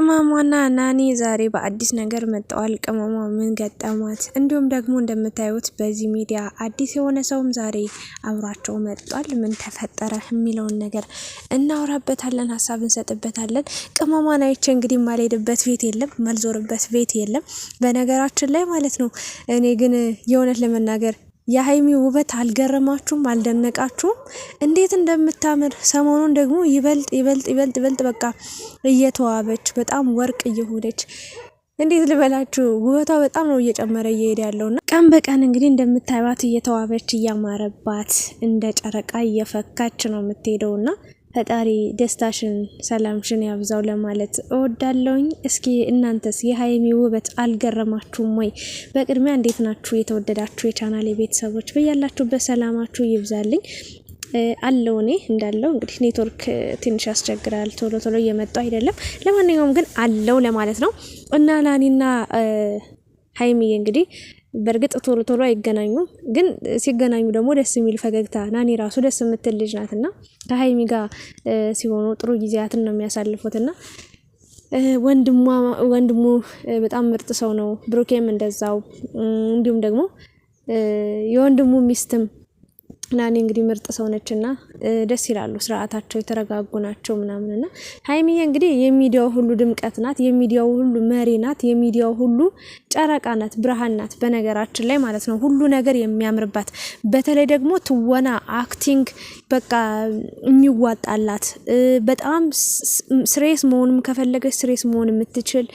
ቅመሟና ናኒ ዛሬ በአዲስ ነገር መጥተዋል። ቅመሟ ምን ገጠማት? እንዲሁም ደግሞ እንደምታዩት በዚህ ሚዲያ አዲስ የሆነ ሰውም ዛሬ አብሯቸው መጥቷል። ምን ተፈጠረ የሚለውን ነገር እናውራበታለን ሀሳብ እንሰጥበታለን። ቅመሟን አይቼ እንግዲህ ማልሄድበት ቤት የለም፣ ማልዞርበት ቤት የለም በነገራችን ላይ ማለት ነው። እኔ ግን የእውነት ለመናገር የሀይሚ ውበት አልገረማችሁም? አልደነቃችሁም? እንዴት እንደምታምር ሰሞኑን ደግሞ ይበልጥ ይበልጥ ይበልጥ ይበልጥ በቃ እየተዋበች በጣም ወርቅ እየሆነች እንዴት ልበላችሁ ውበቷ በጣም ነው እየጨመረ እየሄደ ያለውና ቀን በቀን እንግዲህ እንደምታዩት እየተዋበች እያማረባት እንደ ጨረቃ እየፈካች ነው የምትሄደውና ፈጣሪ ደስታሽን ሰላምሽን ያብዛው ለማለት እወዳለውኝ እስኪ እናንተስ የሀይሚ ውበት አልገረማችሁም ወይ? በቅድሚያ እንዴት ናችሁ የተወደዳችሁ የቻናል ቤተሰቦች? በያላችሁበት ሰላማችሁ ይብዛልኝ አለው እኔ እንዳለው እንግዲህ ኔትወርክ ትንሽ ያስቸግራል። ቶሎ ቶሎ እየመጡ አይደለም። ለማንኛውም ግን አለው ለማለት ነው እና ናኒና ሀይሚዬ እንግዲህ በእርግጥ ቶሎ ቶሎ አይገናኙም፣ ግን ሲገናኙ ደግሞ ደስ የሚል ፈገግታ ናኒ ራሱ ደስ የምትል ልጅ ናት እና ከሀይሚ ጋር ሲሆኑ ጥሩ ጊዜያትን ነው የሚያሳልፉት እና ወንድሙ በጣም ምርጥ ሰው ነው። ብሩኬም እንደዛው እንዲሁም ደግሞ የወንድሙ ሚስትም ናኔ እንግዲህ ምርጥ ሰውነችና ደስ ይላሉ። ስርዓታቸው የተረጋጉ ናቸው ምናምንና ሀይሚዬ እንግዲህ የሚዲያው ሁሉ ድምቀት ናት፣ የሚዲያው ሁሉ መሪ ናት፣ የሚዲያው ሁሉ ጨረቃ ናት፣ ብርሃን ናት። በነገራችን ላይ ማለት ነው ሁሉ ነገር የሚያምርባት በተለይ ደግሞ ትወና፣ አክቲንግ በቃ የሚዋጣላት በጣም ስሬስ መሆንም ከፈለገች ስሬስ መሆን የምትችል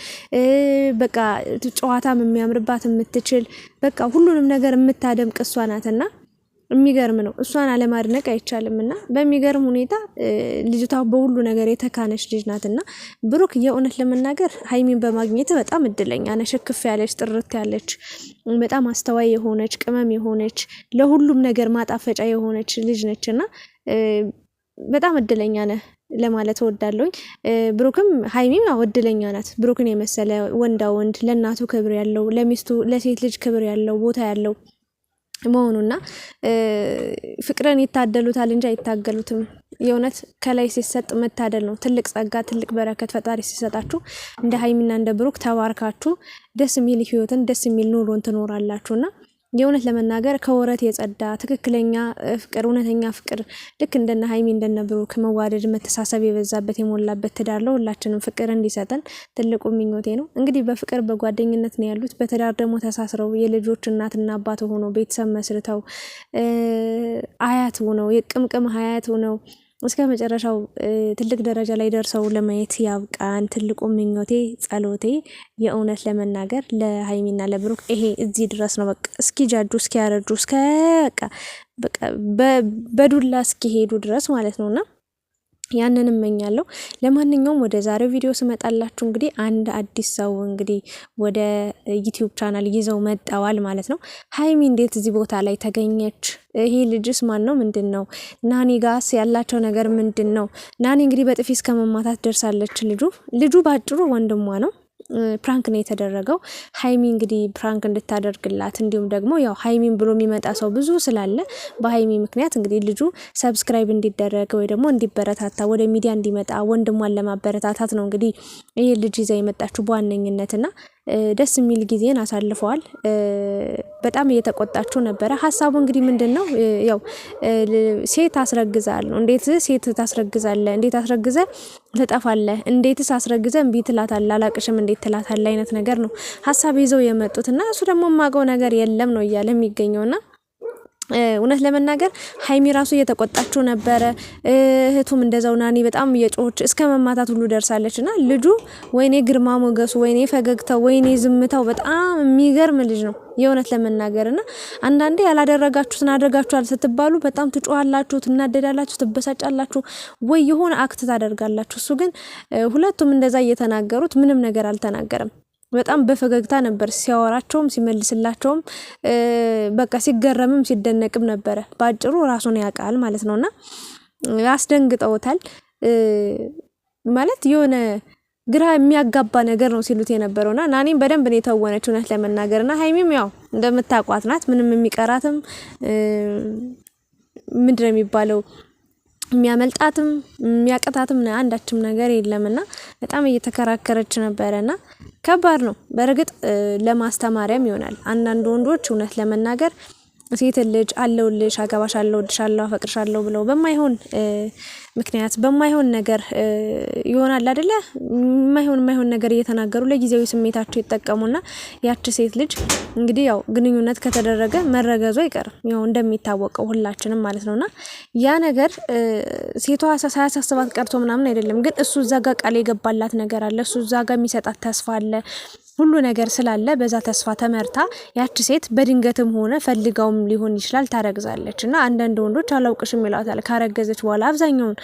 በቃ ጨዋታም የሚያምርባት የምትችል በቃ ሁሉንም ነገር የምታደምቅ እሷ ናትና የሚገርም ነው። እሷን አለማድነቅ አይቻልም። እና በሚገርም ሁኔታ ልጅቷ በሁሉ ነገር የተካነች ልጅ ናት። እና ብሩክ የእውነት ለመናገር ሀይሚን በማግኘት በጣም እድለኛ ነሽ። ክፍ ያለች ጥርት ያለች በጣም አስተዋይ የሆነች ቅመም የሆነች ለሁሉም ነገር ማጣፈጫ የሆነች ልጅ ነች እና በጣም እድለኛ ነህ ለማለት እወዳለሁኝ። ብሩክም ሀይሚም ያው እድለኛ ናት። ብሩክን የመሰለ ወንዳ ወንድ ለእናቱ ክብር ያለው ለሚስቱ ለሴት ልጅ ክብር ያለው ቦታ ያለው መሆኑና ፍቅርን ይታደሉታል እንጂ አይታገሉትም። የእውነት ከላይ ሲሰጥ መታደል ነው። ትልቅ ጸጋ፣ ትልቅ በረከት ፈጣሪ ሲሰጣችሁ እንደ ሀይሚና እንደ ብሩክ ተባርካችሁ ደስ የሚል ህይወትን ደስ የሚል ኑሮን ትኖራላችሁና የእውነት ለመናገር ከወረት የጸዳ ትክክለኛ ፍቅር እውነተኛ ፍቅር ልክ እንደነ ሀይሚ እንደነ ብሩክ መዋደድ፣ መተሳሰብ የበዛበት የሞላበት ትዳር ለሁላችንም ፍቅር እንዲሰጠን ትልቁ ምኞቴ ነው። እንግዲህ በፍቅር በጓደኝነት ነው ያሉት። በትዳር ደግሞ ተሳስረው የልጆች እናትና አባት ሆኖ ቤተሰብ መስርተው አያት ሆነው የቅምቅም አያት ሆነው እስከ መጨረሻው ትልቅ ደረጃ ላይ ደርሰው ለማየት ያብቃን። ትልቁ ምኞቴ ጸሎቴ፣ የእውነት ለመናገር ለሀይሚና ለብሩክ ይሄ እዚህ ድረስ ነው። በቃ እስኪ እስኪያረጁ እስከ በቃ በዱላ እስኪሄዱ ድረስ ማለት ነውና ያንን እመኛለሁ። ለማንኛውም ወደ ዛሬው ቪዲዮ ስመጣላችሁ እንግዲህ አንድ አዲስ ሰው እንግዲህ ወደ ዩቲዩብ ቻናል ይዘው መጠዋል ማለት ነው። ሀይሚ እንዴት እዚህ ቦታ ላይ ተገኘች? ይሄ ልጅስ ማን ነው? ምንድን ነው? ናኒ ጋስ ያላቸው ነገር ምንድን ነው? ናኒ እንግዲህ በጥፊ እስከ መማታት ደርሳለች። ልጁ ልጁ ባጭሩ ወንድሟ ነው። ፕራንክ ነው የተደረገው። ሀይሚ እንግዲህ ፕራንክ እንድታደርግላት እንዲሁም ደግሞ ያው ሀይሚን ብሎ የሚመጣ ሰው ብዙ ስላለ በሀይሚ ምክንያት እንግዲህ ልጁ ሰብስክራይብ እንዲደረግ ወይ ደግሞ እንዲበረታታ ወደ ሚዲያ እንዲመጣ ወንድሟን ለማበረታታት ነው እንግዲህ ይህ ልጅ ይዛ የመጣችው በዋነኝነትና ደስ የሚል ጊዜን አሳልፈዋል። በጣም እየተቆጣችው ነበረ። ሀሳቡ እንግዲህ ምንድን ነው ያው ሴት አስረግዛል ነው። እንዴት ሴት ታስረግዛለ? እንዴት አስረግዘ ትጠፋለ? እንዴትስ አስረግዘ እምቢ ትላታለ? አላቅሽም እንዴት ትላታለ? አይነት ነገር ነው ሀሳብ ይዘው የመጡት እና እሱ ደግሞ የማውቀው ነገር የለም ነው እያለ የሚገኘውና እውነት ለመናገር ሀይሚ ራሱ እየተቆጣችው ነበረ። እህቱም እንደዛው ናኒ በጣም እየጮች እስከ መማታት ሁሉ ደርሳለች። እና ልጁ ወይኔ ግርማ ሞገሱ፣ ወይኔ ፈገግታው፣ ወይኔ ዝምታው በጣም የሚገርም ልጅ ነው የእውነት ለመናገር እና አንዳንዴ ያላደረጋችሁትን አድርጋችኋል ስትባሉ በጣም ትጮኋላችሁ፣ ትናደዳላችሁ፣ ትበሳጫላችሁ፣ ወይ የሆነ አክት ታደርጋላችሁ። እሱ ግን ሁለቱም እንደዛ እየተናገሩት ምንም ነገር አልተናገረም። በጣም በፈገግታ ነበር ሲያወራቸውም ሲመልስላቸውም፣ በቃ ሲገረምም ሲደነቅም ነበረ። በአጭሩ ራሱን ያውቃል ማለት ነውና አስደንግጠውታል ማለት የሆነ ግራ የሚያጋባ ነገር ነው ሲሉት የነበረው እና ናኔም በደንብ ነው የተወነች እውነት ለመናገርና ሀይሚም ያው እንደምታቋት ናት። ምንም የሚቀራትም ምንድን የሚባለው የሚያመልጣትም የሚያቀጣትም አንዳችም ነገር የለምና በጣም እየተከራከረች ነበረና ከባድ ነው። በእርግጥ ለማስተማሪያም ይሆናል። አንዳንድ ወንዶች እውነት ለመናገር ሴት ልጅ አለውልሽ፣ አገባሽ፣ አለውልሽ፣ አለው፣ አፈቅርሻለሁ ብለው በማይሆን ምክንያት በማይሆን ነገር ይሆናል አደለ? የማይሆን የማይሆን ነገር እየተናገሩ ለጊዜያዊ ስሜታቸው ይጠቀሙና ያቺ ሴት ልጅ እንግዲህ ያው ግንኙነት ከተደረገ መረገዙ አይቀርም ያው እንደሚታወቀው ሁላችንም ማለት ነውና ያ ነገር ሴቷ ሳያሳስባት ቀርቶ ምናምን አይደለም፣ ግን እሱ እዛ ጋ ቃል የገባላት ነገር አለ። እሱ እዛ ጋ የሚሰጣት ተስፋ አለ። ሁሉ ነገር ስላለ በዛ ተስፋ ተመርታ ያቺ ሴት በድንገትም ሆነ ፈልጋውም ሊሆን ይችላል ታረግዛለች። እና አንዳንድ ወንዶች አላውቅሽም ይላታል ካረገዘች በኋላ አብዛኛውን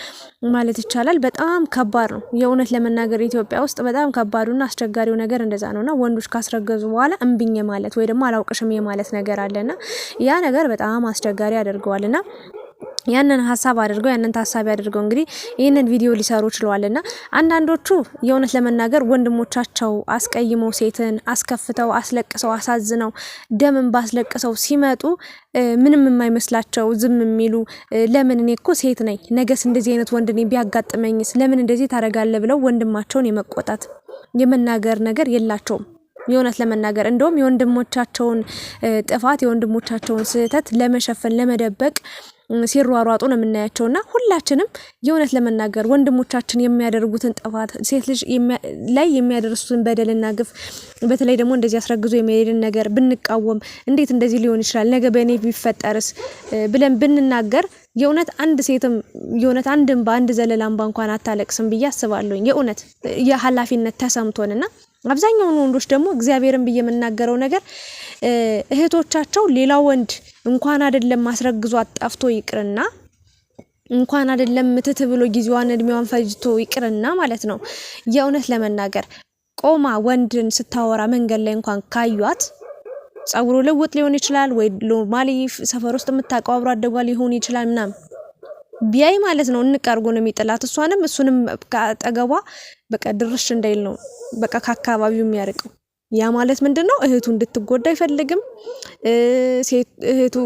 ማለት ይቻላል በጣም ከባድ ነው። የእውነት ለመናገር ኢትዮጵያ ውስጥ በጣም ከባዱና አስቸጋሪው ነገር እንደዛ ነው። እና ወንዶች ካስረገዙ በኋላ እምብኝ ማለት ወይ ደግሞ አላውቅሽም የማለት ነገር አለና ያ ነገር በጣም አስቸጋሪ ያደርገዋል እና ያንን ሀሳብ አድርገው ያንን ታሳቢ አድርገው እንግዲህ ይህንን ቪዲዮ ሊሰሩ ችለዋል። አንዳንዶቹ የእውነት ለመናገር ወንድሞቻቸው አስቀይመው ሴትን አስከፍተው አስለቅሰው አሳዝነው ደምን ባስለቅሰው ሲመጡ ምንም የማይመስላቸው ዝም የሚሉ ለምን እኔ እኮ ሴት ነኝ፣ ነገስ እንደዚህ አይነት ወንድ እኔ ቢያጋጥመኝስ ለምን እንደዚህ ታደርጋለህ ብለው ወንድማቸውን የመቆጣት የመናገር ነገር የላቸውም። የእውነት ለመናገር እንደውም የወንድሞቻቸውን ጥፋት የወንድሞቻቸውን ስህተት ለመሸፈን ለመደበቅ ሲሯሯጡ ነው የምናያቸው። እና ሁላችንም የእውነት ለመናገር ወንድሞቻችን የሚያደርጉትን ጥፋት፣ ሴት ልጅ ላይ የሚያደርሱትን በደልና ግፍ፣ በተለይ ደግሞ እንደዚህ አስረግዞ የሚሄድን ነገር ብንቃወም እንዴት እንደዚህ ሊሆን ይችላል ነገ በእኔ ቢፈጠርስ ብለን ብንናገር የእውነት አንድ ሴትም የእውነት አንድም በአንድ ዘለላ እንባ እንኳን አታለቅስም ብዬ አስባለሁኝ። የእውነት የኃላፊነት ተሰምቶንና አብዛኛውን ወንዶች ደግሞ እግዚአብሔርን ብዬ የምናገረው ነገር እህቶቻቸው ሌላ ወንድ እንኳን አይደለም ማስረግዞ አጣፍቶ ይቅርና እንኳን አይደለም ምትት ብሎ ጊዜዋን እድሜዋን ፈጅቶ ይቅርና ማለት ነው የእውነት ለመናገር ቆማ ወንድን ስታወራ መንገድ ላይ እንኳን ካዩት ጸጉሩ ልውጥ ሊሆን ይችላል ወይ ኖርማሊ ሰፈር ውስጥ የምታውቀው አብሮ አደጓ ሊሆን ይችላል ምናምን ቢያይ ማለት ነው እንቀርጎ ነው የሚጥላት። እሷንም እሱንም ከአጠገቧ በቃ ድርሽ እንዳይል ነው በቃ ከአካባቢው የሚያርቀው። ያ ማለት ምንድን ነው? እህቱ እንድትጎዳ አይፈልግም። እህቱ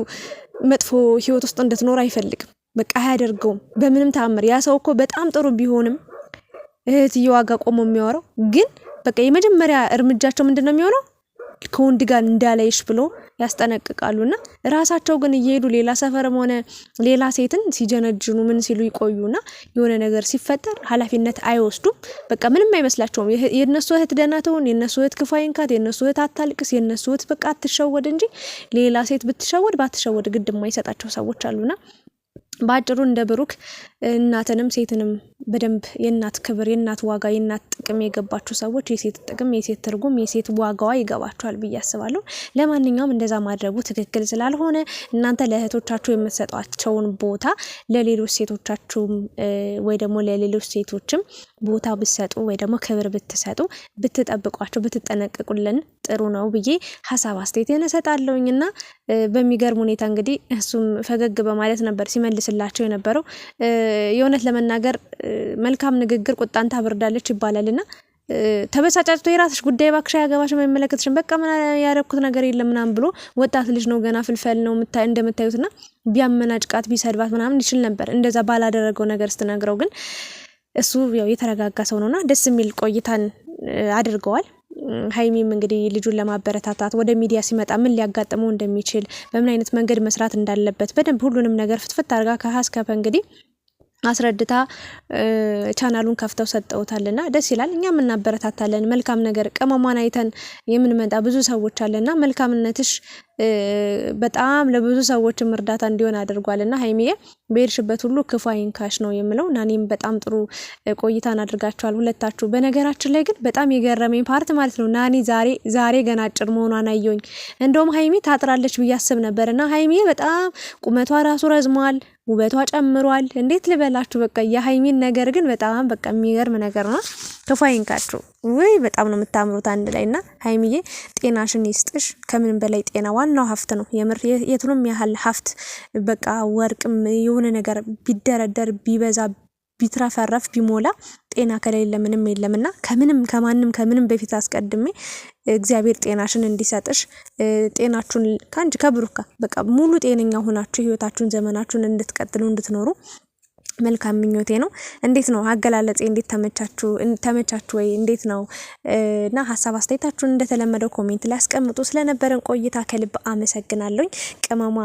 መጥፎ ህይወት ውስጥ እንድትኖር አይፈልግም። በቃ አያደርገውም በምንም ተአምር። ያ ሰው እኮ በጣም ጥሩ ቢሆንም እህትየዋ ጋ ቆሞ የሚያወራው ግን በቃ የመጀመሪያ እርምጃቸው ምንድን ነው የሚሆነው ከወንድ ጋር እንዳላይሽ ብሎ ያስጠነቅቃሉና ራሳቸው ግን እየሄዱ ሌላ ሰፈርም ሆነ ሌላ ሴትን ሲጀነጅኑ ምን ሲሉ ይቆዩና የሆነ ነገር ሲፈጠር ኃላፊነት አይወስዱም። በቃ ምንም አይመስላቸውም። የእነሱ እህት ደህና ትሁን፣ የእነሱ እህት ክፉ አይንካት፣ የእነሱ እህት አታልቅስ፣ የእነሱ እህት በቃ አትሸወድ እንጂ ሌላ ሴት ብትሸወድ ባትሸወድ ግድ የማይሰጣቸው ሰዎች አሉና በአጭሩ እንደ ብሩክ እናትንም ሴትንም በደንብ የእናት ክብር፣ የእናት ዋጋ፣ የእናት ጥቅም የገባችሁ ሰዎች የሴት ጥቅም፣ የሴት ትርጉም፣ የሴት ዋጋዋ ይገባችኋል ብዬ አስባለሁ። ለማንኛውም እንደዛ ማድረጉ ትክክል ስላልሆነ እናንተ ለእህቶቻችሁ የምትሰጧቸውን ቦታ ለሌሎች ሴቶቻችሁም ወይ ደግሞ ለሌሎች ሴቶችም ቦታ ብትሰጡ ወይ ደግሞ ክብር ብትሰጡ ብትጠብቋቸው ብትጠነቅቁልን ጥሩ ነው ብዬ ሀሳብ አስተያየቴን እሰጣለሁኝ እና በሚገርም ሁኔታ እንግዲህ እሱም ፈገግ በማለት ነበር ሲመልስላቸው የነበረው። የእውነት ለመናገር መልካም ንግግር ቁጣን ታብርዳለች ይባላልና ተበሳጫጭቶ የራስሽ ጉዳይ ባክሻ ያገባሽ የማይመለከትሽን በቃ ምን ያደረኩት ነገር የለም ምናምን ብሎ ወጣት ልጅ ነው ገና ፍልፈል ነው እንደምታዩትና ቢያመናጭቃት ቢሰድባት ምናምን ይችል ነበር። እንደዛ ባላደረገው ነገር ስትነግረው ግን እሱ ያው የተረጋጋ ሰው ነውና ደስ የሚል ቆይታን አድርገዋል። ሀይሚም እንግዲህ ልጁን ለማበረታታት ወደ ሚዲያ ሲመጣ ምን ሊያጋጥመው እንደሚችል በምን አይነት መንገድ መስራት እንዳለበት በደንብ ሁሉንም ነገር ፍትፍት አድርጋ ከሀስከፈ እንግዲህ አስረድታ ቻናሉን ከፍተው ሰጠውታልና ደስ ይላል። እኛም እናበረታታለን። መልካም ነገር ቅመሟን አይተን የምንመጣ ብዙ ሰዎች አለና መልካምነትሽ በጣም ለብዙ ሰዎችም እርዳታ እንዲሆን አድርጓል እና ሀይሚዬ በሄድሽበት ሁሉ ክፉ አይንካሽ ነው የምለው። ናኔም በጣም ጥሩ ቆይታን አድርጋችኋል ሁለታችሁ። በነገራችን ላይ ግን በጣም የገረመኝ ፓርት ማለት ነው ናኔ ዛሬ ዛሬ ገና አጭር መሆኗን አየሁኝ። እንደውም ሀይሚ ታጥራለች ብዬ አስብ ነበር እና ሀይሚዬ በጣም ቁመቷ ራሱ ረዝሟል። ውበቷ ጨምሯል። እንዴት ልበላችሁ? በቃ የሀይሚን ነገር ግን በጣም በቃ የሚገርም ነገር ነው። ክፉ አይንካችሁ። ውይ በጣም ነው የምታምሩት አንድ ላይ እና ሀይሚዬ ጤናሽን ይስጥሽ። ከምንም በላይ ጤና ዋናው ሀብት ነው። የምር የቱንም ያህል ሀብት በቃ ወርቅም የሆነ ነገር ቢደረደር ቢበዛ ቢትረፈረፍ ቢሞላ ጤና ከሌለ ምንም የለም እና ከምንም ከማንም ከምንም በፊት አስቀድሜ እግዚአብሔር ጤናሽን እንዲሰጥሽ ጤናችሁን ከአንቺ ከብሩካ በቃ ሙሉ ጤነኛ ሆናችሁ ህይወታችሁን ዘመናችሁን እንድትቀጥሉ እንድትኖሩ መልካም ምኞቴ ነው። እንዴት ነው አገላለጼ? እንዴት ተመቻችሁ ተመቻችሁ ወይ? እንዴት ነው እና ሀሳብ አስተያየታችሁን እንደተለመደው ኮሜንት ላይ አስቀምጡ። ስለነበረን ቆይታ ከልብ አመሰግናለሁኝ። ቅመሟ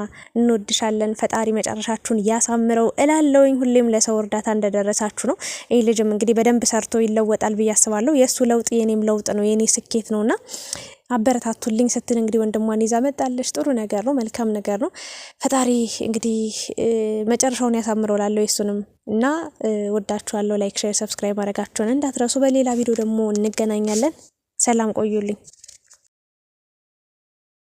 እንወድሻለን። ፈጣሪ መጨረሻችሁን ያሳምረው እላለሁኝ። ሁሌም ለሰው እርዳታ እንደደረሳችሁ ነው። ይህ ልጅም እንግዲህ በደንብ ሰርቶ ይለወጣል ብዬ አስባለሁ። የእሱ ለውጥ የኔም ለውጥ ነው፣ የኔ ስኬት ነውና አበረታቱልኝ ስትል እንግዲህ ወንድሟን ይዛ መጣለች። ጥሩ ነገር ነው፣ መልካም ነገር ነው። ፈጣሪ እንግዲህ መጨረሻውን ያሳምረው ላለው የሱንም እና ወዳችኋለሁ። ላይክ፣ ሼር፣ ሰብስክራይብ ማድረጋችሁን እንዳትረሱ። በሌላ ቪዲዮ ደግሞ እንገናኛለን። ሰላም ቆዩልኝ።